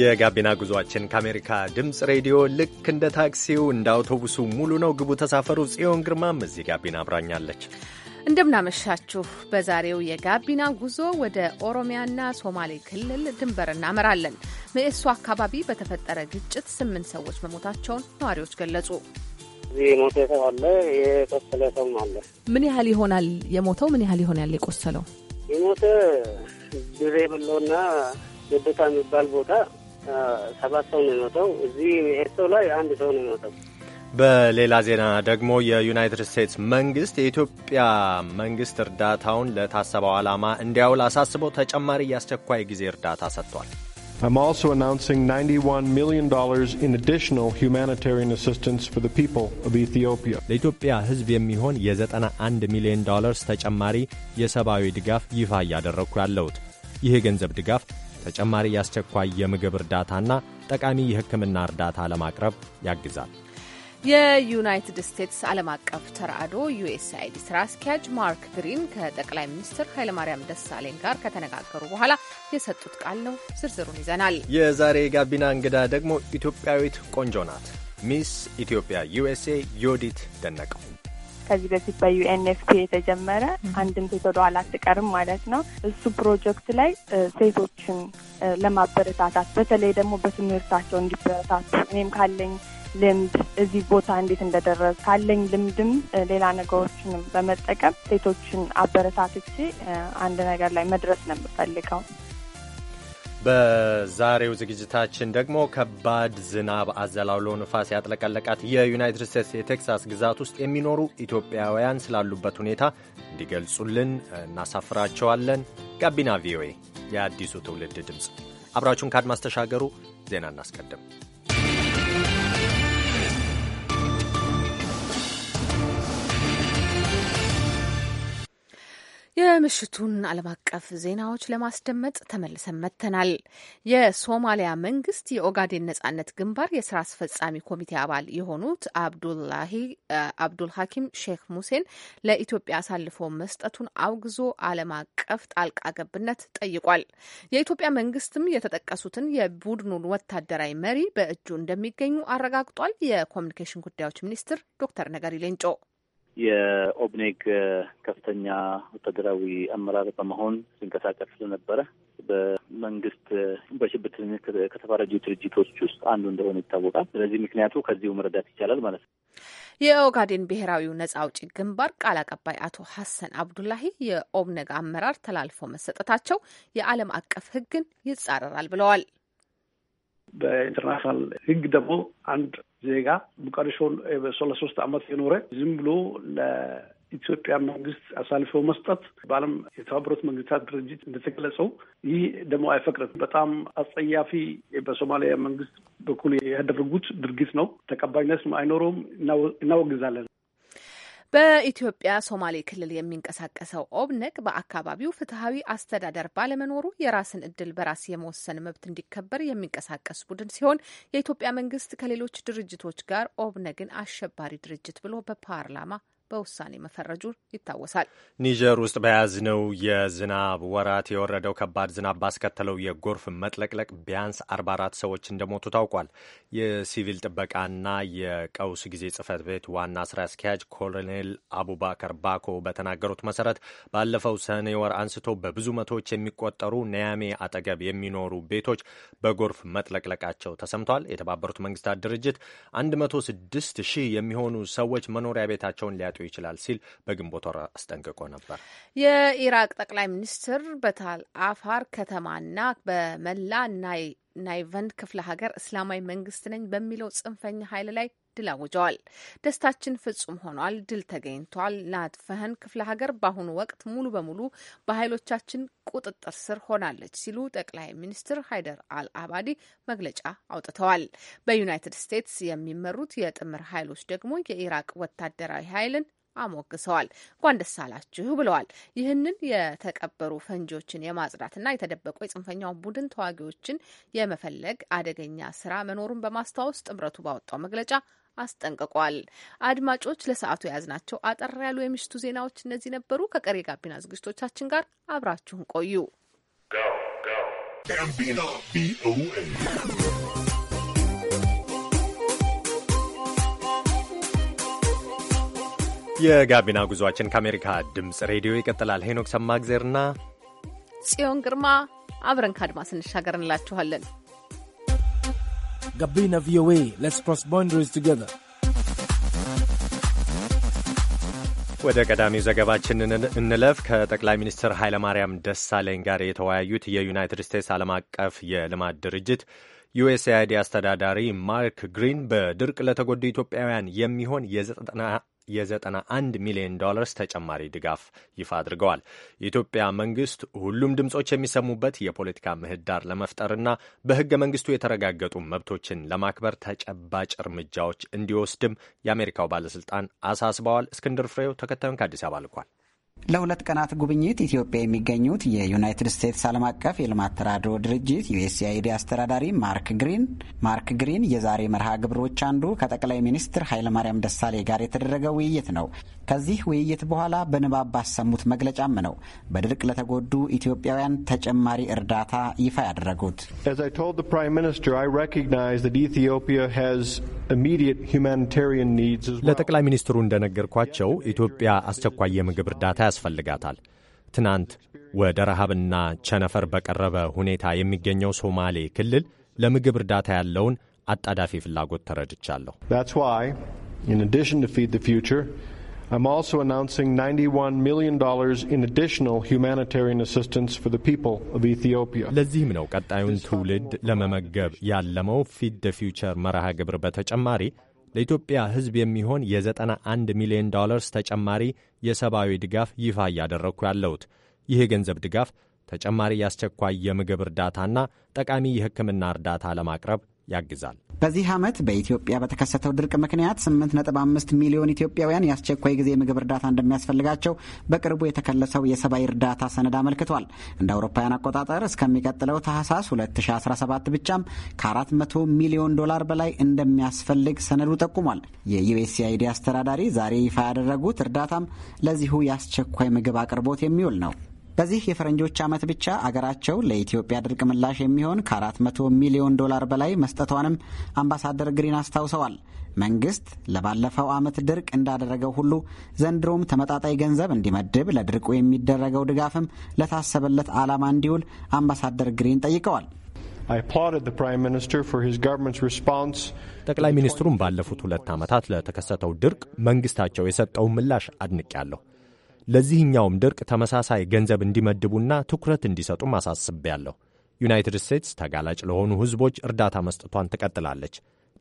የጋቢና ጉዟችን ከአሜሪካ ድምፅ ሬዲዮ ልክ እንደ ታክሲው እንደ አውቶቡሱ ሙሉ ነው። ግቡ፣ ተሳፈሩ። ጽዮን ግርማም እዚህ ጋቢና አብራኛለች። እንደምናመሻችሁ። በዛሬው የጋቢና ጉዞ ወደ ኦሮሚያና ሶማሌ ክልል ድንበር እናመራለን። ምእሱ አካባቢ በተፈጠረ ግጭት ስምንት ሰዎች መሞታቸውን ነዋሪዎች ገለጹ። የሞተ ሰው አለ፣ የቆሰለ ሰውም አለ። ምን ያህል ይሆናል የሞተው? ምን ያህል ይሆናል የቆሰለው? የሞተ ድሬ ብሎና ደደታ የሚባል ቦታ ሰባት ሰው ነው የሞተው። እዚህ ኤርቶ ላይ አንድ ሰው ነው የሞተው። በሌላ ዜና ደግሞ የዩናይትድ ስቴትስ መንግስት የኢትዮጵያ መንግስት እርዳታውን ለታሰበው ዓላማ እንዲያውል አሳስበው ተጨማሪ የአስቸኳይ ጊዜ እርዳታ ሰጥቷል። I'm also announcing $91 million in additional humanitarian assistance for the people of Ethiopia. ለኢትዮጵያ ሕዝብ የሚሆን የ91 ሚሊዮን ዶላርስ ተጨማሪ የሰብአዊ ድጋፍ ይፋ እያደረግኩ ያለሁት ይህ የገንዘብ ድጋፍ ተጨማሪ የአስቸኳይ የምግብ እርዳታና ጠቃሚ የሕክምና እርዳታ ለማቅረብ ያግዛል። የዩናይትድ ስቴትስ ዓለም አቀፍ ተራድኦ ዩኤስአይዲ ስራ አስኪያጅ ማርክ ግሪን ከጠቅላይ ሚኒስትር ኃይለማርያም ደሳለኝ ጋር ከተነጋገሩ በኋላ የሰጡት ቃል ነው። ዝርዝሩን ይዘናል። የዛሬ ጋቢና እንግዳ ደግሞ ኢትዮጵያዊት ቆንጆ ናት። ሚስ ኢትዮጵያ ዩኤስኤ ዮዲት ደነቀው ከዚህ በፊት በዩኤንኤፍፒ የተጀመረ አንድም ሴት ኋላ አትቀርም ማለት ነው። እሱ ፕሮጀክት ላይ ሴቶችን ለማበረታታት በተለይ ደግሞ በትምህርታቸው እንዲበረታቱ እኔም ካለኝ ልምድ እዚህ ቦታ እንዴት እንደደረስ ካለኝ ልምድም ሌላ ነገሮችንም በመጠቀም ሴቶችን አበረታትቼ አንድ ነገር ላይ መድረስ ነው የምፈልገው። በዛሬው ዝግጅታችን ደግሞ ከባድ ዝናብ አዘላውሎ ንፋስ ያጥለቀለቃት የዩናይትድ ስቴትስ የቴክሳስ ግዛት ውስጥ የሚኖሩ ኢትዮጵያውያን ስላሉበት ሁኔታ እንዲገልጹልን እናሳፍራቸዋለን። ጋቢና ቪኦኤ የአዲሱ ትውልድ ድምፅ፣ አብራችሁን ከአድማስ ተሻገሩ። ዜና እናስቀድም። የምሽቱን ዓለም አቀፍ ዜናዎች ለማስደመጥ ተመልሰን መጥተናል። የሶማሊያ መንግስት የኦጋዴን ነጻነት ግንባር የስራ አስፈጻሚ ኮሚቴ አባል የሆኑት አብዱል ሀኪም ሼክ ሙሴን ለኢትዮጵያ አሳልፎ መስጠቱን አውግዞ ዓለም አቀፍ ጣልቃ ገብነት ጠይቋል። የኢትዮጵያ መንግስትም የተጠቀሱትን የቡድኑን ወታደራዊ መሪ በእጁ እንደሚገኙ አረጋግጧል። የኮሚኒኬሽን ጉዳዮች ሚኒስትር ዶክተር ነገሪ ሌንጮ የኦብኔግ ከፍተኛ ወታደራዊ አመራር በመሆን ሲንቀሳቀስ ስለነበረ በመንግስት በሽብርተኝነት ከተፈረጁ ድርጅቶች ውስጥ አንዱ እንደሆነ ይታወቃል። ስለዚህ ምክንያቱ ከዚሁ መረዳት ይቻላል ማለት ነው። የኦጋዴን ብሔራዊው ነጻ አውጪ ግንባር ቃል አቀባይ አቶ ሀሰን አብዱላሂ የኦብነግ አመራር ተላልፎ መሰጠታቸው የዓለም አቀፍ ሕግን ይጻረራል ብለዋል። በኢንተርናሽናል ህግ ደግሞ አንድ ዜጋ ሞቃዲሾ ለሶስት ዓመት የኖረ ዝም ብሎ ለኢትዮጵያ መንግስት አሳልፎ መስጠት በዓለም የተባበሩት መንግስታት ድርጅት እንደተገለጸው ይህ ደግሞ አይፈቅድም። በጣም አጸያፊ በሶማሊያ መንግስት በኩል ያደረጉት ድርጊት ነው። ተቀባይነት አይኖረውም። እናወግዛለን። በኢትዮጵያ ሶማሌ ክልል የሚንቀሳቀሰው ኦብነግ በአካባቢው ፍትሐዊ አስተዳደር ባለመኖሩ የራስን እድል በራስ የመወሰን መብት እንዲከበር የሚንቀሳቀስ ቡድን ሲሆን የኢትዮጵያ መንግስት ከሌሎች ድርጅቶች ጋር ኦብነግን አሸባሪ ድርጅት ብሎ በፓርላማ በውሳኔ መፈረጁ ይታወሳል። ኒጀር ውስጥ በያዝነው የዝናብ ወራት የወረደው ከባድ ዝናብ ባስከተለው የጎርፍ መጥለቅለቅ ቢያንስ 44 ሰዎች እንደሞቱ ታውቋል። የሲቪል ጥበቃና የቀውስ ጊዜ ጽህፈት ቤት ዋና ስራ አስኪያጅ ኮሎኔል አቡባከር ባኮ በተናገሩት መሰረት ባለፈው ሰኔ ወር አንስቶ በብዙ መቶዎች የሚቆጠሩ ኒያሜ አጠገብ የሚኖሩ ቤቶች በጎርፍ መጥለቅለቃቸው ተሰምቷል። የተባበሩት መንግስታት ድርጅት 106 ሺህ የሚሆኑ ሰዎች መኖሪያ ቤታቸውን ሊያጡ ሊያጋልጣቸው ይችላል ሲል በግንቦት ወር አስጠንቅቆ ነበር። የኢራቅ ጠቅላይ ሚኒስትር በታል አፋር ከተማና በመላ ናይ ናይቨንድ ክፍለ ሀገር እስላማዊ መንግስት ነኝ በሚለው ጽንፈኛ ኃይል ላይ ድል አውጀዋል። ደስታችን ፍጹም ሆኗል፣ ድል ተገኝቷል፣ ናትፈህን ክፍለ ሀገር በአሁኑ ወቅት ሙሉ በሙሉ በኃይሎቻችን ቁጥጥር ስር ሆናለች ሲሉ ጠቅላይ ሚኒስትር ሃይደር አልአባዲ መግለጫ አውጥተዋል። በዩናይትድ ስቴትስ የሚመሩት የጥምር ኃይሎች ደግሞ የኢራቅ ወታደራዊ ኃይልን አሞግሰዋል። እንኳን ደስ አላችሁ ብለዋል። ይህንን የተቀበሩ ፈንጂዎችን የማጽዳትና የተደበቁ የጽንፈኛው ቡድን ተዋጊዎችን የመፈለግ አደገኛ ስራ መኖሩን በማስታወስ ጥምረቱ ባወጣው መግለጫ አስጠንቅቋል። አድማጮች ለሰዓቱ የያዝናቸው አጠር ያሉ የምሽቱ ዜናዎች እነዚህ ነበሩ። ከቀሪ ጋቢና ዝግጅቶቻችን ጋር አብራችሁን ቆዩ። የጋቢና ጉዟችን ከአሜሪካ ድምፅ ሬዲዮ ይቀጥላል። ሄኖክ ሰማግዜርና ጽዮን ግርማ አብረን ከአድማስ እንሻገር እንላችኋለን። Gabina VOA. Let's cross boundaries together. ወደ ቀዳሚው ዘገባችን እንለፍ። ከጠቅላይ ሚኒስትር ኃይለማርያም ደሳለኝ ጋር የተወያዩት የዩናይትድ ስቴትስ ዓለም አቀፍ የልማት ድርጅት ዩኤስኤአይዲ አስተዳዳሪ ማርክ ግሪን በድርቅ ለተጎዱ ኢትዮጵያውያን የሚሆን የ91 ሚሊዮን ዶላርስ ተጨማሪ ድጋፍ ይፋ አድርገዋል። የኢትዮጵያ መንግስት ሁሉም ድምፆች የሚሰሙበት የፖለቲካ ምህዳር ለመፍጠርና በህገ መንግስቱ የተረጋገጡ መብቶችን ለማክበር ተጨባጭ እርምጃዎች እንዲወስድም የአሜሪካው ባለስልጣን አሳስበዋል። እስክንድር ፍሬው ተከታዩን ከአዲስ አበባ ልኳል። ለሁለት ቀናት ጉብኝት ኢትዮጵያ የሚገኙት የዩናይትድ ስቴትስ ዓለም አቀፍ የልማት ተራድኦ ድርጅት ዩኤስአይዲ አስተዳዳሪ ማርክ ግሪን ማርክ ግሪን የዛሬ መርሃ ግብሮች አንዱ ከጠቅላይ ሚኒስትር ኃይለማርያም ደሳሌ ጋር የተደረገ ውይይት ነው። ከዚህ ውይይት በኋላ በንባብ ባሰሙት መግለጫም ነው በድርቅ ለተጎዱ ኢትዮጵያውያን ተጨማሪ እርዳታ ይፋ ያደረጉት። ለጠቅላይ ሚኒስትሩ እንደነገርኳቸው ኢትዮጵያ አስቸኳይ የምግብ እርዳታ ያስፈልጋታል። ትናንት ወደ ረሃብና ቸነፈር በቀረበ ሁኔታ የሚገኘው ሶማሌ ክልል ለምግብ እርዳታ ያለውን አጣዳፊ ፍላጎት ተረድቻለሁ። I'm also announcing $91 million in additional humanitarian assistance for the people of Ethiopia. ለዚህም ነው ቀጣዩን ትውልድ ለመመገብ ያለመው ፊድ ደ ፊውቸር መርሃ ግብር በተጨማሪ ለኢትዮጵያ ሕዝብ የሚሆን የ91 ሚሊዮን ዶላርስ ተጨማሪ የሰብአዊ ድጋፍ ይፋ እያደረግኩ ያለሁት። ይህ የገንዘብ ድጋፍ ተጨማሪ የአስቸኳይ የምግብ እርዳታና ጠቃሚ የሕክምና እርዳታ ለማቅረብ ያግዛል። በዚህ ዓመት በኢትዮጵያ በተከሰተው ድርቅ ምክንያት 8.5 ሚሊዮን ኢትዮጵያውያን የአስቸኳይ ጊዜ የምግብ እርዳታ እንደሚያስፈልጋቸው በቅርቡ የተከለሰው የሰብአዊ እርዳታ ሰነድ አመልክቷል። እንደ አውሮፓውያን አቆጣጠር እስከሚቀጥለው ታህሳስ 2017 ብቻም ከ400 ሚሊዮን ዶላር በላይ እንደሚያስፈልግ ሰነዱ ጠቁሟል። የዩኤስአይዲ አስተዳዳሪ ዛሬ ይፋ ያደረጉት እርዳታም ለዚሁ የአስቸኳይ ምግብ አቅርቦት የሚውል ነው። በዚህ የፈረንጆች ዓመት ብቻ አገራቸው ለኢትዮጵያ ድርቅ ምላሽ የሚሆን ከ400 ሚሊዮን ዶላር በላይ መስጠቷንም አምባሳደር ግሪን አስታውሰዋል። መንግስት ለባለፈው ዓመት ድርቅ እንዳደረገው ሁሉ ዘንድሮም ተመጣጣይ ገንዘብ እንዲመድብ ለድርቁ የሚደረገው ድጋፍም ለታሰበለት ዓላማ እንዲውል አምባሳደር ግሪን ጠይቀዋል። ጠቅላይ ሚኒስትሩም ባለፉት ሁለት ዓመታት ለተከሰተው ድርቅ መንግስታቸው የሰጠውን ምላሽ ያለሁ። ለዚህኛውም ድርቅ ተመሳሳይ ገንዘብ እንዲመድቡና ትኩረት እንዲሰጡም አሳስቤያለሁ። ዩናይትድ ስቴትስ ተጋላጭ ለሆኑ ሕዝቦች እርዳታ መስጠቷን ትቀጥላለች።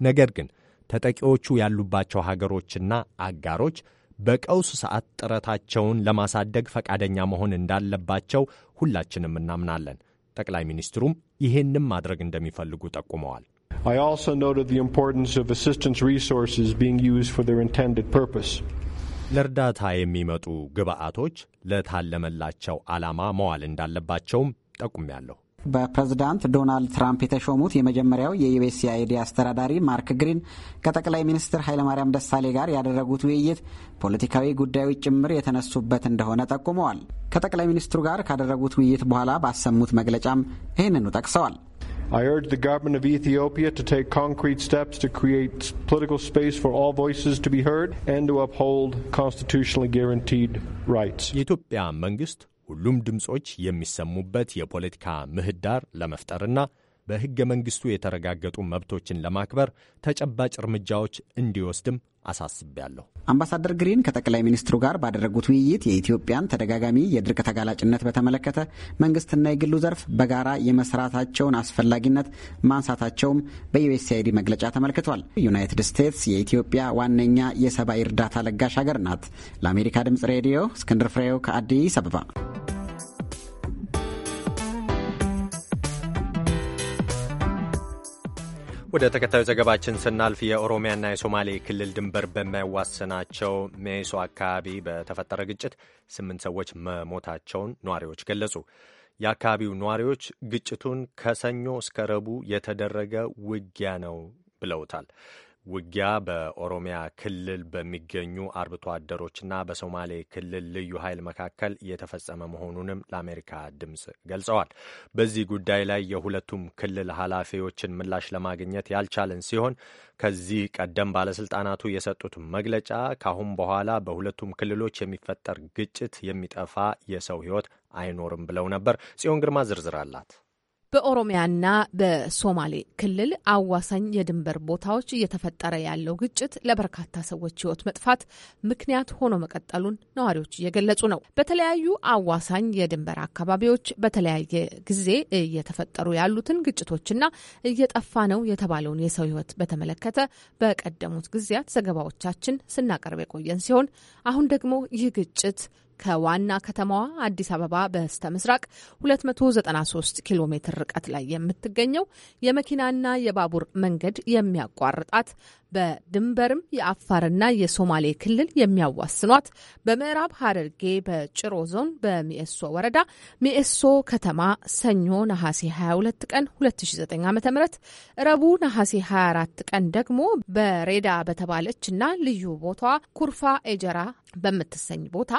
ነገር ግን ተጠቂዎቹ ያሉባቸው ሀገሮችና አጋሮች በቀውስ ሰዓት ጥረታቸውን ለማሳደግ ፈቃደኛ መሆን እንዳለባቸው ሁላችንም እናምናለን። ጠቅላይ ሚኒስትሩም ይህንም ማድረግ እንደሚፈልጉ ጠቁመዋል። I also noted the importance of assistance resources being used for their intended purpose. ለእርዳታ የሚመጡ ግብአቶች ለታለመላቸው ዓላማ መዋል እንዳለባቸውም ጠቁሚያለሁ በፕሬዝዳንት ዶናልድ ትራምፕ የተሾሙት የመጀመሪያው የዩኤስአይዲ አስተዳዳሪ ማርክ ግሪን ከጠቅላይ ሚኒስትር ኃይለማርያም ደሳሌ ጋር ያደረጉት ውይይት ፖለቲካዊ ጉዳዮች ጭምር የተነሱበት እንደሆነ ጠቁመዋል። ከጠቅላይ ሚኒስትሩ ጋር ካደረጉት ውይይት በኋላ ባሰሙት መግለጫም ይህንኑ ጠቅሰዋል። I urge the government of Ethiopia to take concrete steps to create political space for all voices to be heard and to uphold constitutionally guaranteed rights. መንግስት ሁሉም ድምጾች የሚሰሙበት የፖለቲካ ምህዳር ለመፍጠርና በሕገ መንግሥቱ የተረጋገጡ መብቶችን ለማክበር ተጨባጭ እርምጃዎች እንዲወስድም አሳስቤያለሁ። አምባሳደር ግሪን ከጠቅላይ ሚኒስትሩ ጋር ባደረጉት ውይይት የኢትዮጵያን ተደጋጋሚ የድርቅ ተጋላጭነት በተመለከተ መንግስትና የግሉ ዘርፍ በጋራ የመስራታቸውን አስፈላጊነት ማንሳታቸውም በዩኤስአይዲ መግለጫ ተመልክቷል። ዩናይትድ ስቴትስ የኢትዮጵያ ዋነኛ የሰብአዊ እርዳታ ለጋሽ ሀገር ናት። ለአሜሪካ ድምጽ ሬዲዮ እስክንድር ፍሬው ከአዲስ አበባ ወደ ተከታዩ ዘገባችን ስናልፍ የኦሮሚያና የሶማሌ ክልል ድንበር በማይዋሰናቸው ሜሶ አካባቢ በተፈጠረ ግጭት ስምንት ሰዎች መሞታቸውን ነዋሪዎች ገለጹ። የአካባቢው ነዋሪዎች ግጭቱን ከሰኞ እስከ ረቡዕ የተደረገ ውጊያ ነው ብለውታል። ውጊያ በኦሮሚያ ክልል በሚገኙ አርብቶ አደሮችና በሶማሌ ክልል ልዩ ኃይል መካከል የተፈጸመ መሆኑንም ለአሜሪካ ድምፅ ገልጸዋል። በዚህ ጉዳይ ላይ የሁለቱም ክልል ኃላፊዎችን ምላሽ ለማግኘት ያልቻለን ሲሆን ከዚህ ቀደም ባለስልጣናቱ የሰጡት መግለጫ ካሁን በኋላ በሁለቱም ክልሎች የሚፈጠር ግጭት የሚጠፋ የሰው ሕይወት አይኖርም ብለው ነበር። ጽዮን ግርማ ዝርዝር አላት። በኦሮሚያና በሶማሌ ክልል አዋሳኝ የድንበር ቦታዎች እየተፈጠረ ያለው ግጭት ለበርካታ ሰዎች ሕይወት መጥፋት ምክንያት ሆኖ መቀጠሉን ነዋሪዎች እየገለጹ ነው። በተለያዩ አዋሳኝ የድንበር አካባቢዎች በተለያየ ጊዜ እየተፈጠሩ ያሉትን ግጭቶችና እየጠፋ ነው የተባለውን የሰው ሕይወት በተመለከተ በቀደሙት ጊዜያት ዘገባዎቻችን ስናቀርብ የቆየን ሲሆን አሁን ደግሞ ይህ ግጭት ከዋና ከተማዋ አዲስ አበባ በስተ ምስራቅ 293 ኪሎ ሜትር ርቀት ላይ የምትገኘው የመኪናና የባቡር መንገድ የሚያቋርጣት በድንበርም የአፋርና የሶማሌ ክልል የሚያዋስኗት በምዕራብ ሀረርጌ በጭሮ ዞን በሚኤሶ ወረዳ ሚኤሶ ከተማ ሰኞ ነሐሴ 22 ቀን 2009 ዓ ም ረቡ ነሐሴ 24 ቀን ደግሞ በሬዳ በተባለች እና ልዩ ቦታ ኩርፋ ኤጀራ በምትሰኝ ቦታ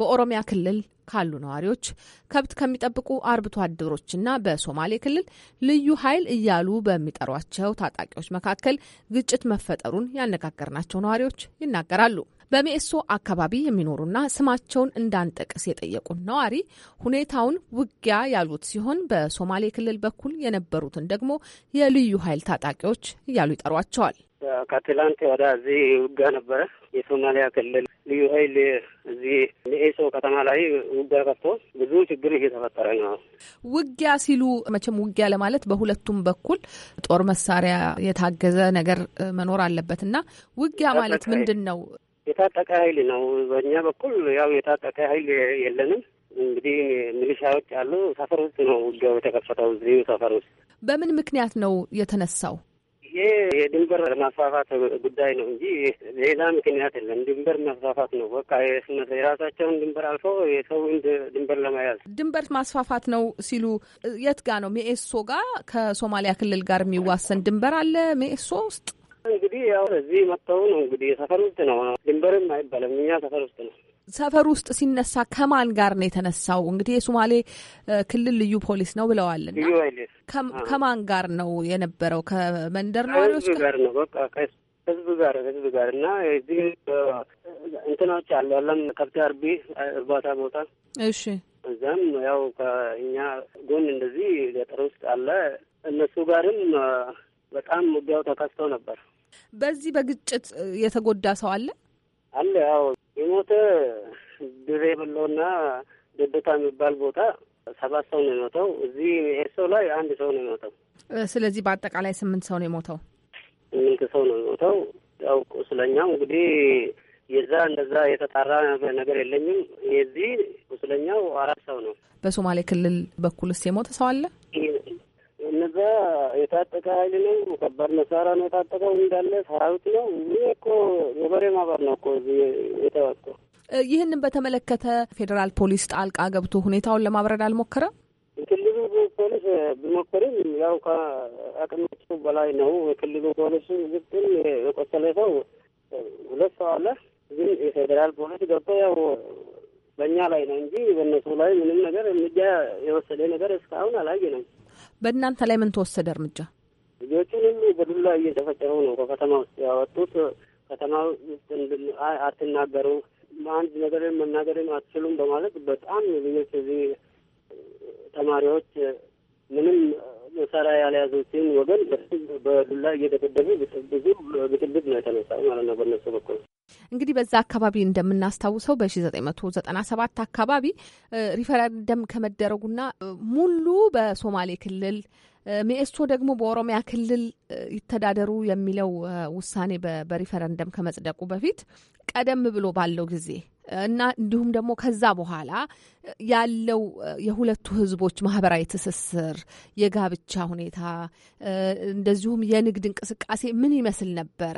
በኦሮሚያ ክልል ካሉ ነዋሪዎች፣ ከብት ከሚጠብቁ አርብቶ አደሮችና በሶማሌ ክልል ልዩ ኃይል እያሉ በሚጠሯቸው ታጣቂዎች መካከል ግጭት መፈጠሩን ያነጋገርናቸው ነዋሪዎች ይናገራሉ። በሚኤሶ አካባቢ የሚኖሩና ስማቸውን እንዳንጠቅስ የጠየቁን ነዋሪ ሁኔታውን ውጊያ ያሉት ሲሆን በሶማሌ ክልል በኩል የነበሩትን ደግሞ የልዩ ኃይል ታጣቂዎች እያሉ ይጠሯቸዋል። ከትላንት ወደ እዚህ ውጊያ ነበረ። የሶማሊያ ክልል ልዩ ኃይል እዚህ ሚኤሶ ከተማ ላይ ውጊያ ከፍቶ ብዙ ችግር እየተፈጠረ ነው። ውጊያ ሲሉ መቼም ውጊያ ለማለት በሁለቱም በኩል ጦር መሳሪያ የታገዘ ነገር መኖር አለበት እና ውጊያ ማለት ምንድን ነው? የታጠቀ ኃይል ነው። በእኛ በኩል ያው የታጠቀ ኃይል የለንም። እንግዲህ ሚሊሻዎች አሉ። ሰፈር ውስጥ ነው ውጊያው የተከፈተው፣ እዚሁ ሰፈር ውስጥ። በምን ምክንያት ነው የተነሳው? ይሄ የድንበር ማስፋፋት ጉዳይ ነው እንጂ ሌላ ምክንያት የለም። ድንበር ማስፋፋት ነው በቃ። የስነት የራሳቸውን ድንበር አልፎ የሰውን ድንበር ለመያዝ ድንበር ማስፋፋት ነው ሲሉ የት ጋ ነው? ሜኤሶ ጋር ከሶማሊያ ክልል ጋር የሚዋሰን ድንበር አለ ሜኤሶ ውስጥ እንግዲህ ያው እዚህ መጥተው ነው እንግዲህ ሰፈር ውስጥ ነው ድንበርም አይባልም እኛ ሰፈር ውስጥ ነው። ሰፈር ውስጥ ሲነሳ ከማን ጋር ነው የተነሳው? እንግዲህ የሶማሌ ክልል ልዩ ፖሊስ ነው ብለዋል። እና ከማን ጋር ነው የነበረው? ከመንደር ነው ነዋሪዎች ጋር ነው በቃ ህዝብ ጋር ህዝብ ጋር እና እዚህ እንትናዎች አሉ አለም ከብት አርቢ እርባታ ቦታ እሺ። እዛም ያው ከእኛ ጎን እንደዚህ ገጠር ውስጥ አለ እነሱ ጋርም በጣም ውጊያው ተከስቶ ነበር። በዚህ በግጭት የተጎዳ ሰው አለ አለ? ያው የሞተ ድሬ ብሎና ደደታ የሚባል ቦታ ሰባት ሰው ነው የሞተው። እዚህ ሰው ላይ አንድ ሰው ነው የሞተው። ስለዚህ በአጠቃላይ ስምንት ሰው ነው የሞተው። ስምንት ሰው ነው የሞተው። ያው ቁስለኛው እንግዲህ የዛ እንደዛ የተጣራ ነገር የለኝም። የዚህ ቁስለኛው አራት ሰው ነው። በሶማሌ ክልል በኩልስ የሞተ ሰው አለ? እነዛ የታጠቀ ኃይል ነው። ከባድ መሳሪያ ነው የታጠቀው እንዳለ ሰራዊት ነው። ይህ እኮ የበሬ ማበር ነው እኮ የተዋቀው። ይህንን በተመለከተ ፌዴራል ፖሊስ ጣልቃ ገብቶ ሁኔታውን ለማብረድ አልሞከረም። የክልሉ ፖሊስ ቢሞክርም ያው ከአቅማቸው በላይ ነው። የክልሉ ፖሊስ ግን የቆሰለ ሰው ሁለት ሰው አለ። ግን የፌዴራል ፖሊስ ገብቶ ያው በእኛ ላይ ነው እንጂ በእነሱ ላይ ምንም ነገር እርምጃ የወሰደ ነገር እስካሁን ነው። በእናንተ ላይ ምን ተወሰደ እርምጃ? ልጆቹን ሁሉ በዱላ እየጨፈጨፉ ነው ከከተማ ውስጥ ያወጡት። ከተማ ውስጥ አትናገሩ፣ አንድ ነገር መናገርን አትችሉም በማለት በጣም ልጆች እዚህ ተማሪዎች ምንም መሳሪያ ያልያዙትን ወገን በዱላ እየደበደቡ ብዙ ብጥብጥ ነው የተነሳ ማለት ነው በነሱ በኩል። እንግዲህ በዛ አካባቢ እንደምናስታውሰው ዘጠና ሰባት አካባቢ ሪፈረንደም ከመደረጉና ሙሉ በሶማሌ ክልል ሚኤስቶ ደግሞ በኦሮሚያ ክልል ይተዳደሩ የሚለው ውሳኔ በሪፈረንደም ከመጽደቁ በፊት ቀደም ብሎ ባለው ጊዜ እና እንዲሁም ደግሞ ከዛ በኋላ ያለው የሁለቱ ህዝቦች ማህበራዊ ትስስር፣ የጋብቻ ሁኔታ እንደዚሁም የንግድ እንቅስቃሴ ምን ይመስል ነበረ?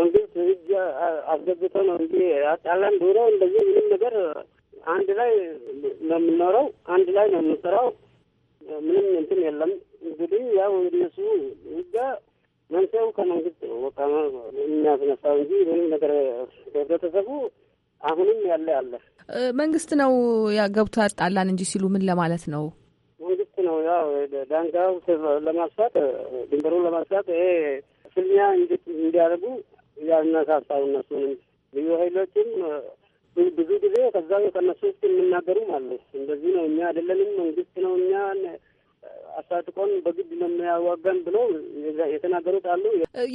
መንግስት ህግ አስገብቶ ነው እንጂ አጣላን ዱሮ እንደዚህ ምንም ነገር አንድ ላይ ነው የምንኖረው፣ አንድ ላይ ነው የምንሰራው። ምንም እንትን የለም። እንግዲህ ያው እነሱ ህጋ መንሰው ከመንግስት ወቃ የሚያስነሳው እንጂ ምንም ነገር ህብረተሰቡ አሁንም ያለ ያለ መንግስት ነው ገብቶ ያጣላን እንጂ ሲሉ ምን ለማለት ነው? መንግስት ነው ያው ዳንጋው ለማስፋት ድንበሩን ለማስፋት ይሄ ፍልሚያ እንዲያደርጉ ያነሳሳው እነሱንም ልዩ ሀይሎችም ብዙ ጊዜ ከዛ ከነሱ ውስጥ የሚናገሩም አሉ። እንደዚህ ነው እኛ አይደለንም መንግስት ነው እኛ አስታጥቆን በግድ ነው የሚያዋጋን ብሎ የተናገሩት አሉ።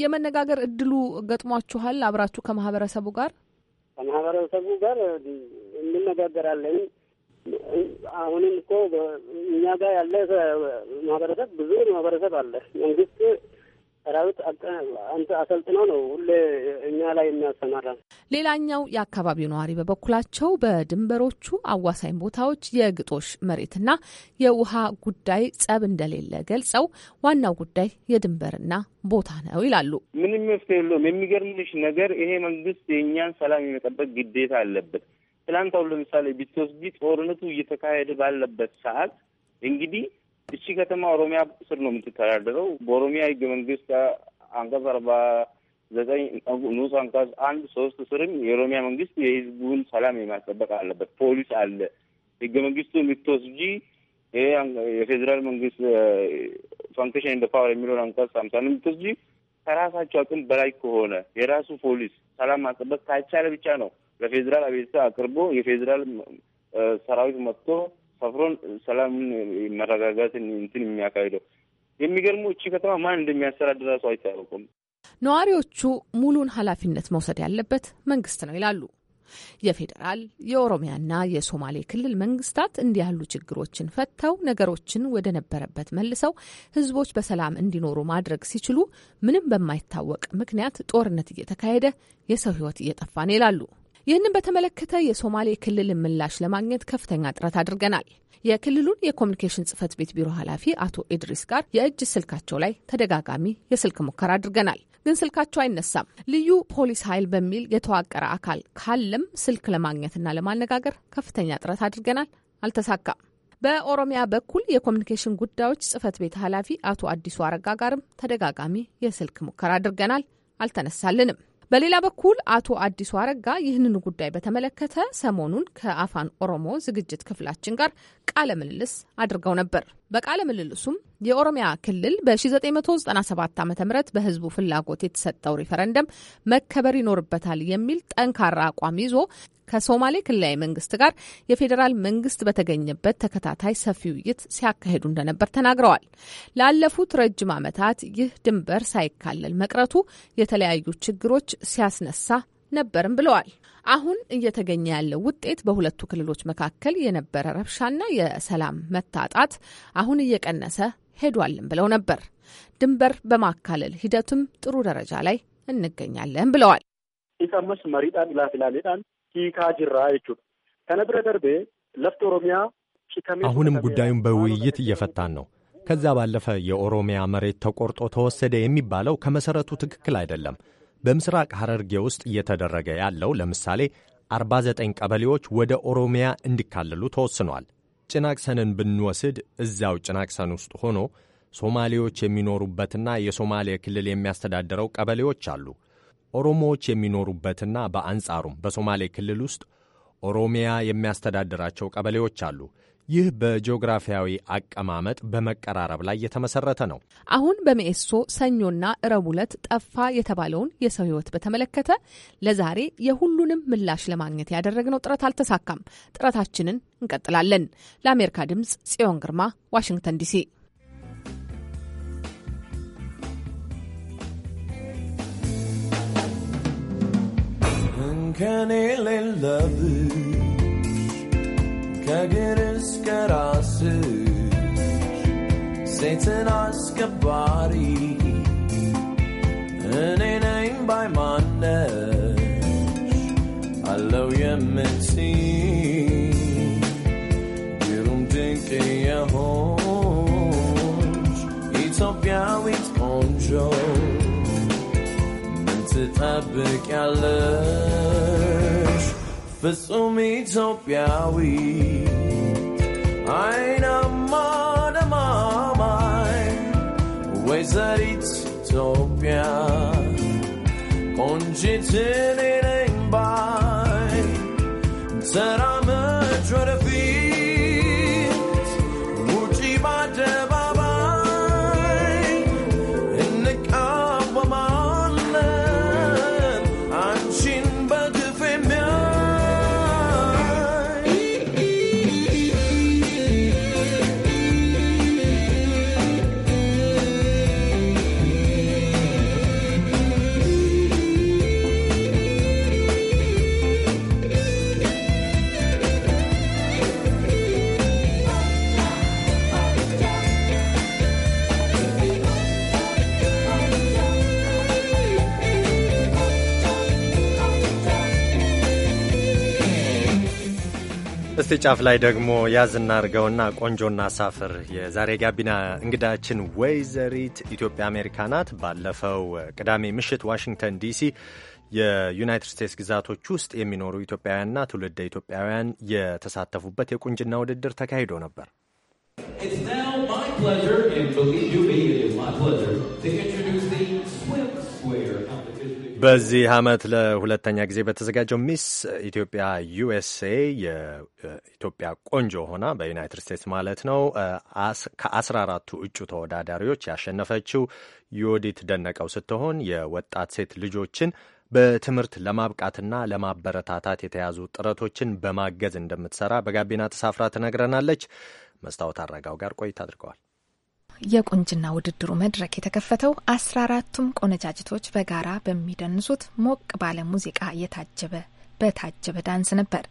የመነጋገር እድሉ ገጥሟችኋል? አብራችሁ ከማህበረሰቡ ጋር ከማህበረሰቡ ጋር እንነጋገራለን። አሁንም እኮ እኛ ጋር ያለ ማህበረሰብ ብዙ ማህበረሰብ አለ። መንግስት ሰራዊት አሰልጥነው ነው ሁሌ እኛ ላይ የሚያሰማራ። ሌላኛው የአካባቢው ነዋሪ በበኩላቸው በድንበሮቹ አዋሳኝ ቦታዎች የግጦሽ መሬትና የውሃ ጉዳይ ጸብ እንደሌለ ገልጸው ዋናው ጉዳይ የድንበርና ቦታ ነው ይላሉ። ምንም መፍትሄ የለውም። የሚገርምሽ ነገር ይሄ መንግስት የእኛን ሰላም የመጠበቅ ግዴታ አለበት። ትላንት አሁን ለምሳሌ ቢትወስጂ ጦርነቱ እየተካሄደ ባለበት ሰዓት እንግዲህ እቺ ከተማ ኦሮሚያ ስር ነው የምትተዳደረው። በኦሮሚያ ህገ መንግስት አንቀጽ አርባ ዘጠኝ ንዑስ አንቀጽ አንድ ሶስት ስርም የኦሮሚያ መንግስት የህዝቡን ሰላም የማስጠበቅ አለበት። ፖሊስ አለ። ህገ መንግስቱ የምትወስጂ የፌዴራል መንግስት ፋንክሽን እንደ ፓወር የሚለውን አንቀጽ ሀምሳን የምትወስጂ ከራሳቸው አቅም በላይ ከሆነ የራሱ ፖሊስ ሰላም ማስጠበቅ ካልቻለ ብቻ ነው ለፌዴራል አቤቱታ አቅርቦ የፌዴራል ሰራዊት መጥቶ ሰፍሮን ሰላምን መረጋጋትን እንትን የሚያካሂደው የሚገርሙ እቺ ከተማ ማን እንደሚያስተዳድር ሰው አይታወቁም። ነዋሪዎቹ ሙሉን ኃላፊነት መውሰድ ያለበት መንግስት ነው ይላሉ። የፌዴራል የኦሮሚያና የሶማሌ ክልል መንግስታት እንዲህ ያሉ ችግሮችን ፈተው ነገሮችን ወደ ነበረበት መልሰው ህዝቦች በሰላም እንዲኖሩ ማድረግ ሲችሉ ምንም በማይታወቅ ምክንያት ጦርነት እየተካሄደ የሰው ህይወት እየጠፋ ነው ይላሉ። ይህንን በተመለከተ የሶማሌ ክልል ምላሽ ለማግኘት ከፍተኛ ጥረት አድርገናል። የክልሉን የኮሚኒኬሽን ጽህፈት ቤት ቢሮ ኃላፊ አቶ ኢድሪስ ጋር የእጅ ስልካቸው ላይ ተደጋጋሚ የስልክ ሙከራ አድርገናል። ግን ስልካቸው አይነሳም። ልዩ ፖሊስ ኃይል በሚል የተዋቀረ አካል ካለም ስልክ ለማግኘትና ለማነጋገር ከፍተኛ ጥረት አድርገናል፣ አልተሳካም። በኦሮሚያ በኩል የኮሚኒኬሽን ጉዳዮች ጽህፈት ቤት ኃላፊ አቶ አዲሱ አረጋ ጋርም ተደጋጋሚ የስልክ ሙከራ አድርገናል፣ አልተነሳልንም። በሌላ በኩል አቶ አዲሱ አረጋ ይህንኑ ጉዳይ በተመለከተ ሰሞኑን ከአፋን ኦሮሞ ዝግጅት ክፍላችን ጋር ቃለ ምልልስ አድርገው ነበር። በቃለ ምልልሱም የኦሮሚያ ክልል በ1997 ዓ ም በህዝቡ ፍላጎት የተሰጠው ሪፈረንደም መከበር ይኖርበታል የሚል ጠንካራ አቋም ይዞ ከሶማሌ ክልላዊ መንግስት ጋር የፌዴራል መንግስት በተገኘበት ተከታታይ ሰፊ ውይይት ሲያካሂዱ እንደነበር ተናግረዋል። ላለፉት ረጅም ዓመታት ይህ ድንበር ሳይካለል መቅረቱ የተለያዩ ችግሮች ሲያስነሳ ነበርም ብለዋል። አሁን እየተገኘ ያለው ውጤት በሁለቱ ክልሎች መካከል የነበረ ረብሻና የሰላም መታጣት አሁን እየቀነሰ ሄዷልን ብለው ነበር። ድንበር በማካለል ሂደቱም ጥሩ ደረጃ ላይ እንገኛለን ብለዋል። ኢሳመስ መሪጣን ላፊላሌጣን ሂካ ጅራ ይቹ ከነብረ ደርቤ ለፍት ኦሮሚያ አሁንም ጉዳዩን በውይይት እየፈታን ነው። ከዛ ባለፈ የኦሮሚያ መሬት ተቆርጦ ተወሰደ የሚባለው ከመሰረቱ ትክክል አይደለም። በምስራቅ ሐረርጌ ውስጥ እየተደረገ ያለው ለምሳሌ 49 ቀበሌዎች ወደ ኦሮሚያ እንዲካለሉ ተወስኗል። ጭናቅሰንን ብንወስድ እዚያው ጭናቅሰን ውስጥ ሆኖ ሶማሌዎች የሚኖሩበትና የሶማሌ ክልል የሚያስተዳድረው ቀበሌዎች አሉ። ኦሮሞዎች የሚኖሩበትና በአንጻሩም በሶማሌ ክልል ውስጥ ኦሮሚያ የሚያስተዳድራቸው ቀበሌዎች አሉ። ይህ በጂኦግራፊያዊ አቀማመጥ በመቀራረብ ላይ የተመሰረተ ነው። አሁን በሚኤሶ ሰኞና ረቡዕ ዕለት ጠፋ የተባለውን የሰው ሕይወት በተመለከተ ለዛሬ የሁሉንም ምላሽ ለማግኘት ያደረግነው ጥረት አልተሳካም። ጥረታችንን እንቀጥላለን። ለአሜሪካ ድምጽ ጽዮን ግርማ፣ ዋሽንግተን ዲሲ። ከኔ ሌለብሽ ከግር escaraços Zeytin aşkı bari Öneyneyin baymanlar Alo yemeti Diyorum dünkeye hoş İtopyavit konco Menti tebrik alır Fısum İtopyavit mine, amor, amor, mine. Ways that it's in a bind. Said I'm a try to feel. ጫፍ ላይ ደግሞ ያዝና አድርገውና ቆንጆና ሳፍር የዛሬ ጋቢና እንግዳችን ወይዘሪት ኢትዮጵያ አሜሪካ ናት። ባለፈው ቅዳሜ ምሽት ዋሽንግተን ዲሲ የዩናይትድ ስቴትስ ግዛቶች ውስጥ የሚኖሩ ኢትዮጵያውያንና ትውልደ ኢትዮጵያውያን የተሳተፉበት የቁንጅና ውድድር ተካሂዶ ነበር። It's now my pleasure, and believe you me, it is my pleasure to introduce the በዚህ ዓመት ለሁለተኛ ጊዜ በተዘጋጀው ሚስ ኢትዮጵያ ዩኤስኤ የኢትዮጵያ ቆንጆ ሆና በዩናይትድ ስቴትስ ማለት ነው ከአስራ አራቱ እጩ ተወዳዳሪዎች ያሸነፈችው ዮዲት ደነቀው ስትሆን የወጣት ሴት ልጆችን በትምህርት ለማብቃትና ለማበረታታት የተያዙ ጥረቶችን በማገዝ እንደምትሰራ በጋቢና ተሳፍራ ትነግረናለች። መስታወት አረጋው ጋር ቆይታ አድርገዋል። የቁንጅና ውድድሩ መድረክ የተከፈተው አስራ አራቱም ቆነጃጅቶች በጋራ በሚደንሱት ሞቅ ባለ ሙዚቃ የታጀበ በታጀበ ዳንስ ነበር።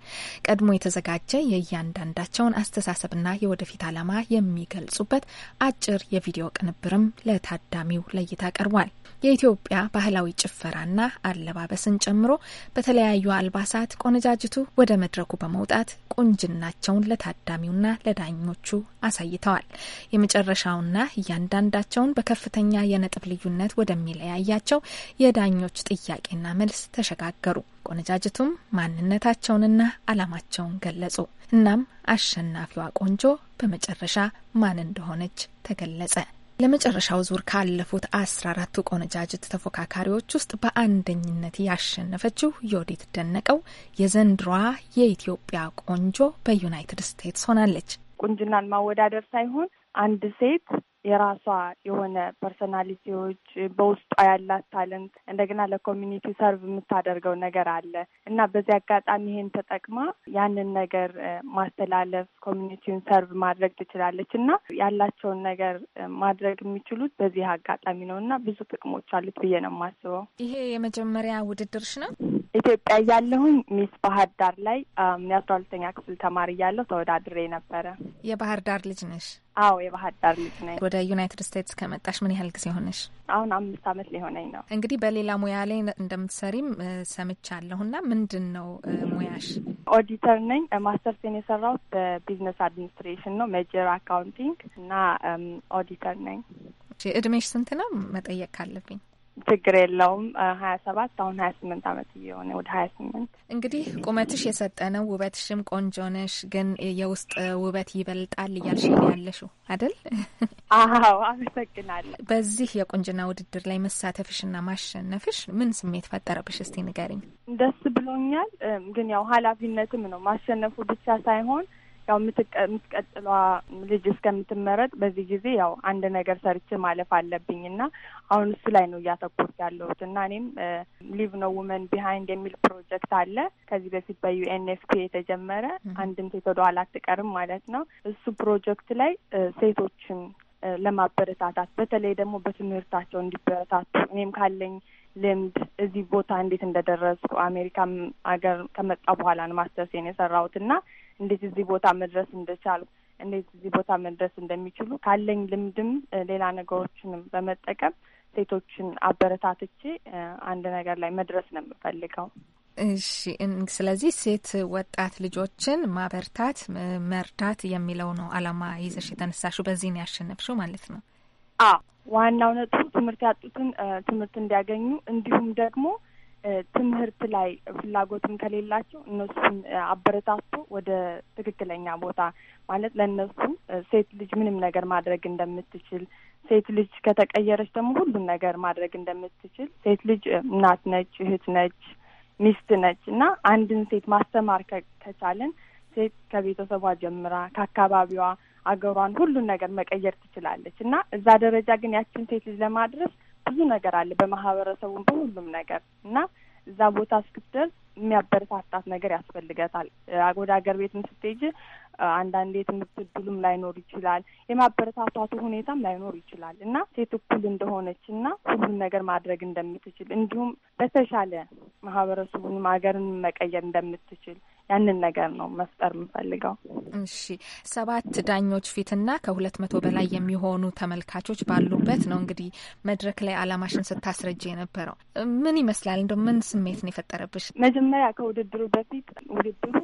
ቀድሞ የተዘጋጀ የእያንዳንዳቸውን አስተሳሰብና የወደፊት ዓላማ የሚገልጹበት አጭር የቪዲዮ ቅንብርም ለታዳሚው ለእይታ ቀርቧል። የኢትዮጵያ ባህላዊ ጭፈራና አለባበስን ጨምሮ በተለያዩ አልባሳት ቆነጃጅቱ ወደ መድረኩ በመውጣት ቁንጅናቸውን ለታዳሚውና ለዳኞቹ አሳይተዋል። የመጨረሻውና እያንዳንዳቸውን በከፍተኛ የነጥብ ልዩነት ወደሚለያያቸው የዳኞች ጥያቄና መልስ ተሸጋገሩ። ቆነጃጅቱም ማንነታቸውንና ዓላማቸውን ገለጹ። እናም አሸናፊዋ ቆንጆ በመጨረሻ ማን እንደሆነች ተገለጸ። ለመጨረሻው ዙር ካለፉት አስራ አራቱ ቆነጃጅት ተፎካካሪዎች ውስጥ በአንደኝነት ያሸነፈችው ዮዲት ደነቀው የዘንድሯ የኢትዮጵያ ቆንጆ በዩናይትድ ስቴትስ ሆናለች። ቁንጅናን ማወዳደር ሳይሆን አንድ ሴት የራሷ የሆነ ፐርሶናሊቲዎች በውስጧ ያላት ታለንት እንደገና ለኮሚኒቲ ሰርቭ የምታደርገው ነገር አለ እና በዚህ አጋጣሚ ይሄን ተጠቅማ ያንን ነገር ማስተላለፍ ኮሚኒቲውን ሰርቭ ማድረግ ትችላለች እና ያላቸውን ነገር ማድረግ የሚችሉት በዚህ አጋጣሚ ነው እና ብዙ ጥቅሞች አሉት ብዬ ነው የማስበው። ይሄ የመጀመሪያ ውድድርሽ ነው? ኢትዮጵያ እያለሁኝ ሚስ ባህር ዳር ላይ የአስራ ሁለተኛ ክፍል ተማሪ እያለሁ ተወዳድሬ ነበረ። የባህር ዳር ልጅ ነሽ? አዎ የባህር ዳር ልጅ ነኝ። ወደ ዩናይትድ ስቴትስ ከመጣሽ ምን ያህል ጊዜ ሆነሽ? አሁን አምስት አመት ሊሆነኝ ነው። እንግዲህ በሌላ ሙያ ላይ እንደምትሰሪም ሰምቻለሁ እና ምንድን ነው ሙያሽ? ኦዲተር ነኝ። ማስተርሴን የሰራሁት በቢዝነስ አድሚኒስትሬሽን ነው ሜጀር አካውንቲንግ እና ኦዲተር ነኝ። እድሜሽ ስንት ነው መጠየቅ ካለብኝ? ችግር የለውም። ሀያ ሰባት አሁን ሀያ ስምንት አመት እየሆነ ወደ ሀያ ስምንት እንግዲህ ቁመትሽ የሰጠነው ውበትሽም ቆንጆ ነሽ፣ ግን የውስጥ ውበት ይበልጣል እያልሽ ያለሽው አደል? አዎ፣ አመሰግናለሁ። በዚህ የቁንጅና ውድድር ላይ መሳተፍሽና ማሸነፍሽ ምን ስሜት ፈጠረብሽ? እስቲ ንገሪኝ። ደስ ብሎኛል፣ ግን ያው ኃላፊነትም ነው ማሸነፉ ብቻ ሳይሆን ያው የምትቀጥሏ ልጅ እስከምትመረጥ በዚህ ጊዜ ያው አንድ ነገር ሰርቼ ማለፍ አለብኝ እና አሁን እሱ ላይ ነው እያተኮርኩ ያለሁት እና እኔም ሊቭ ነው ውመን ቢሃይንድ የሚል ፕሮጀክት አለ ከዚህ በፊት በዩኤንኤፍፒ የተጀመረ አንድም ሴት ወደ ኋላ አትቀርም ማለት ነው። እሱ ፕሮጀክት ላይ ሴቶችን ለማበረታታት በተለይ ደግሞ በትምህርታቸው እንዲበረታቱ እኔም ካለኝ ልምድ እዚህ ቦታ እንዴት እንደደረስኩ አሜሪካ ሀገር ከመጣ በኋላ ነው ማስተርሴን የሰራሁት እና እንዴት እዚህ ቦታ መድረስ እንደቻሉ እንዴት እዚህ ቦታ መድረስ እንደሚችሉ ካለኝ ልምድም ሌላ ነገሮችንም በመጠቀም ሴቶችን አበረታትቼ አንድ ነገር ላይ መድረስ ነው የምፈልገው። እሺ፣ ስለዚህ ሴት ወጣት ልጆችን ማበርታት፣ መርዳት የሚለው ነው አላማ ይዘሽ የተነሳሽው። በዚህ ነው ያሸነፍሽው ማለት ነው? አዎ፣ ዋናው ነጥቡ ትምህርት ያጡትን ትምህርት እንዲያገኙ እንዲሁም ደግሞ ትምህርት ላይ ፍላጎትም ከሌላቸው እነሱን አበረታቶ ወደ ትክክለኛ ቦታ ማለት ለእነሱ ሴት ልጅ ምንም ነገር ማድረግ እንደምትችል ሴት ልጅ ከተቀየረች ደግሞ ሁሉን ነገር ማድረግ እንደምትችል ሴት ልጅ እናት ነች፣ እህት ነች፣ ሚስት ነች እና አንድን ሴት ማስተማር ከቻልን ሴት ከቤተሰቧ ጀምራ ከአካባቢዋ አገሯን ሁሉን ነገር መቀየር ትችላለች እና እዛ ደረጃ ግን ያችን ሴት ልጅ ለማድረስ ብዙ ነገር አለ በማህበረሰቡም በሁሉም ነገር እና እዛ ቦታ እስክትደርስ የሚያበረታታት ነገር ያስፈልገታል። ወደ ሀገር ቤትም ስትሄጂ አንዳንዴ የትምህርት እድሉም ላይኖር ይችላል። የማበረታታቱ ሁኔታም ላይኖር ይችላል እና ሴት እኩል እንደሆነች እና ሁሉን ነገር ማድረግ እንደምትችል እንዲሁም በተሻለ ማህበረሰቡንም ሀገርን መቀየር እንደምትችል ያንን ነገር ነው መፍጠር የምፈልገው። እሺ፣ ሰባት ዳኞች ፊትና ከሁለት መቶ በላይ የሚሆኑ ተመልካቾች ባሉበት ነው እንግዲህ መድረክ ላይ አላማሽን ስታስረጅ የነበረው ምን ይመስላል? እንደ ምን ስሜት ነው የፈጠረብሽ? መጀመሪያ ከውድድሩ በፊት ውድድሩ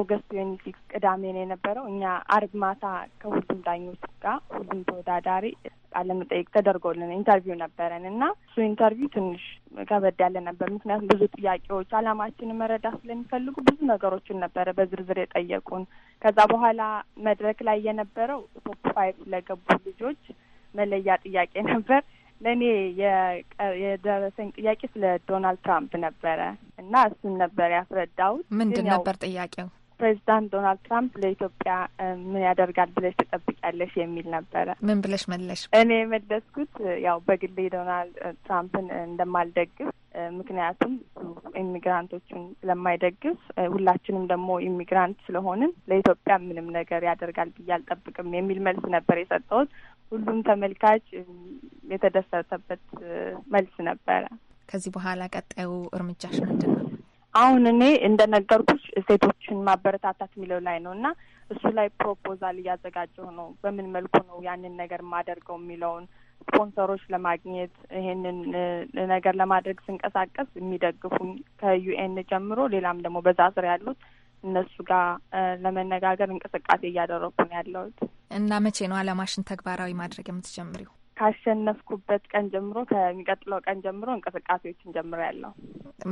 ኦገስት ትዌንቲ ሲክስ ቅዳሜ ነው የነበረው እኛ አርብ ማታ ከሁሉም ዳኞች ጋር ሁሉም ተወዳዳሪ ቃለመጠይቅ ተደርጎልን ኢንተርቪው ነበረን እና እሱ ኢንተርቪው ትንሽ ከበድ ያለ ነበር። ምክንያቱም ብዙ ጥያቄዎች አላማችንን መረዳት ስለሚፈልጉ ብዙ ነገሮችን ነበረ በዝርዝር የጠየቁን። ከዛ በኋላ መድረክ ላይ የነበረው ቶፕ ፋይቭ ለገቡ ልጆች መለያ ጥያቄ ነበር። ለእኔ የደረሰኝ ጥያቄ ስለ ዶናልድ ትራምፕ ነበረ እና እሱን ነበር ያስረዳሁት። ምንድን ነበር ጥያቄው? ፕሬዚዳንት ዶናልድ ትራምፕ ለኢትዮጵያ ምን ያደርጋል ብለሽ ትጠብቂያለሽ የሚል ነበረ። ምን ብለሽ መለሽ? እኔ የመለስኩት ያው በግሌ ዶናልድ ትራምፕን እንደማልደግፍ ምክንያቱም ኢሚግራንቶቹን ስለማይደግፍ ሁላችንም ደግሞ ኢሚግራንት ስለሆንም ለኢትዮጵያ ምንም ነገር ያደርጋል ብዬ አልጠብቅም የሚል መልስ ነበር የሰጠሁት። ሁሉም ተመልካች የተደሰተበት መልስ ነበረ። ከዚህ በኋላ ቀጣዩ እርምጃሽ ምንድን ነው? አሁን እኔ እንደነገርኩሽ ሴቶችን ማበረታታት የሚለው ላይ ነው እና እሱ ላይ ፕሮፖዛል እያዘጋጀሁ ነው። በምን መልኩ ነው ያንን ነገር የማደርገው የሚለውን ስፖንሰሮች ለማግኘት ይሄንን ነገር ለማድረግ ስንቀሳቀስ የሚደግፉኝ ከዩኤን ጀምሮ ሌላም ደግሞ በዛ ስር ያሉት እነሱ ጋር ለመነጋገር እንቅስቃሴ እያደረግኩ ነው ያለሁት። እና መቼ ነው አላማሽን ተግባራዊ ማድረግ የምትጀምሪው? ካሸነፍኩበት ቀን ጀምሮ ከሚቀጥለው ቀን ጀምሮ እንቅስቃሴዎችን ጀምሮ ያለው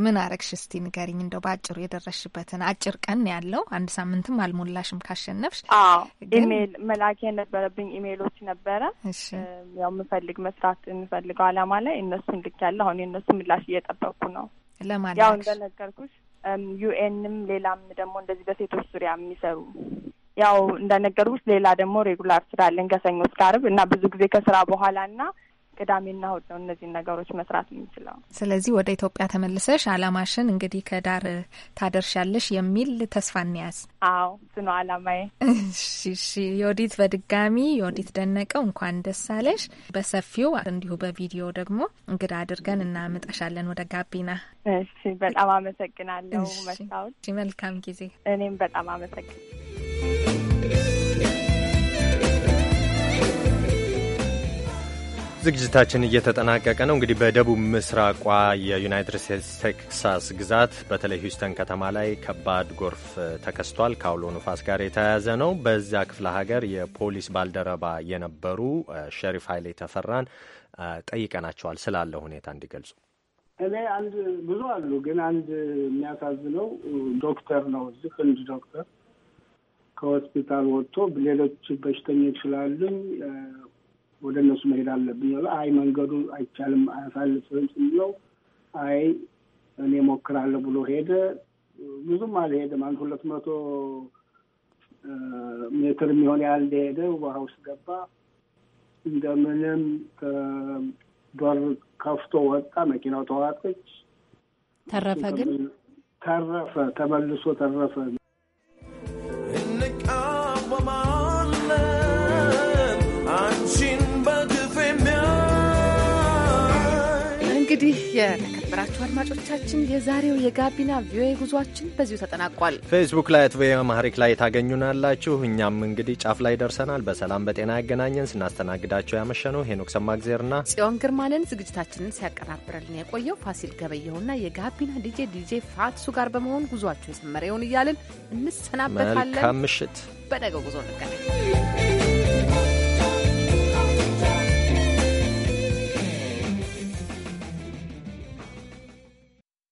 ምን አረግሽ? እስቲ ንገሪኝ፣ እንደው በአጭሩ የደረሽበትን አጭር ቀን ያለው አንድ ሳምንትም አልሞላሽም ካሸነፍሽ። አዎ ኢሜል መላክ የነበረብኝ ኢሜሎች ነበረ። ያው የምፈልግ መስራት የምፈልገው አላማ ላይ እነሱን ልክ ያለ አሁን የእነሱ ምላሽ እየጠበቅኩ ነው። ለማለት ያው እንደነገርኩሽ ዩኤንም ሌላም ደግሞ እንደዚህ በሴቶች ዙሪያ የሚሰሩ ያው እንደነገሩ ውስጥ ሌላ ደግሞ ሬጉላር ስራ አለን ከሰኞ እስከ ዓርብ እና ብዙ ጊዜ ከስራ በኋላ እና ቅዳሜና እሁድ ነው እነዚህን ነገሮች መስራት የምንችለው። ስለዚህ ወደ ኢትዮጵያ ተመልሰሽ አላማሽን እንግዲህ ከዳር ታደርሻለሽ የሚል ተስፋ እንያዝ። አዎ እሱ ነው አላማዬ። እሺ እሺ። የወዲት በድጋሚ የወዲት ደነቀው እንኳን ደስ አለሽ። በሰፊው እንዲሁ በቪዲዮ ደግሞ እንግዳ አድርገን እናመጣሻለን ወደ ጋቢና። እሺ፣ በጣም አመሰግናለሁ መስታወት። መልካም ጊዜ። እኔም በጣም አመሰግናለሁ። ዝግጅታችን እየተጠናቀቀ ነው። እንግዲህ በደቡብ ምስራቋ የዩናይትድ ስቴትስ ቴክሳስ ግዛት በተለይ ሂውስተን ከተማ ላይ ከባድ ጎርፍ ተከስቷል። ከአውሎ ንፋስ ጋር የተያያዘ ነው። በዚያ ክፍለ ሀገር የፖሊስ ባልደረባ የነበሩ ሸሪፍ ኃይሌ ተፈራን ጠይቀናቸዋል ስላለ ሁኔታ እንዲገልጹ። እኔ አንድ ብዙ አሉ፣ ግን አንድ የሚያሳዝነው ዶክተር ነው እዚህ ህንድ ዶክተር ከሆስፒታል ወጥቶ ሌሎች በሽተኞች ስላሉኝ ወደ እነሱ መሄድ አለብኝ። አይ መንገዱ አይቻልም አያሳልፍም ስንለው አይ እኔ ሞክራለሁ ብሎ ሄደ። ብዙም አልሄደም። አንድ ሁለት መቶ ሜትር የሚሆን ያህል እንደሄደ ውሃ ውስጥ ገባ። እንደምንም በር ከፍቶ ወጣ። መኪናው ተዋጠች። ተረፈ ግን ተረፈ፣ ተመልሶ ተረፈ። እንግዲህ የተከበራችሁ አድማጮቻችን የዛሬው የጋቢና ቪኦኤ ጉዟችን በዚሁ ተጠናቋል። ፌስቡክ ላይ አት ቪኦኤ ላይ ታገኙናላችሁ። እኛም እንግዲህ ጫፍ ላይ ደርሰናል። በሰላም በጤና ያገናኘን። ስናስተናግዳቸው ያመሸነው ሄኖክ ሰማግዜርና ጽዮን ግርማንን፣ ዝግጅታችንን ሲያቀናብረልን የቆየው ፋሲል ገበየውና የጋቢና ዲጄ ዲጄ ፋትሱ ጋር በመሆን ጉዟችሁ የሰመረ ይሁን እያልን እንሰናበታለን። ምሽት። በነገው ጉዞ እንገናኝ።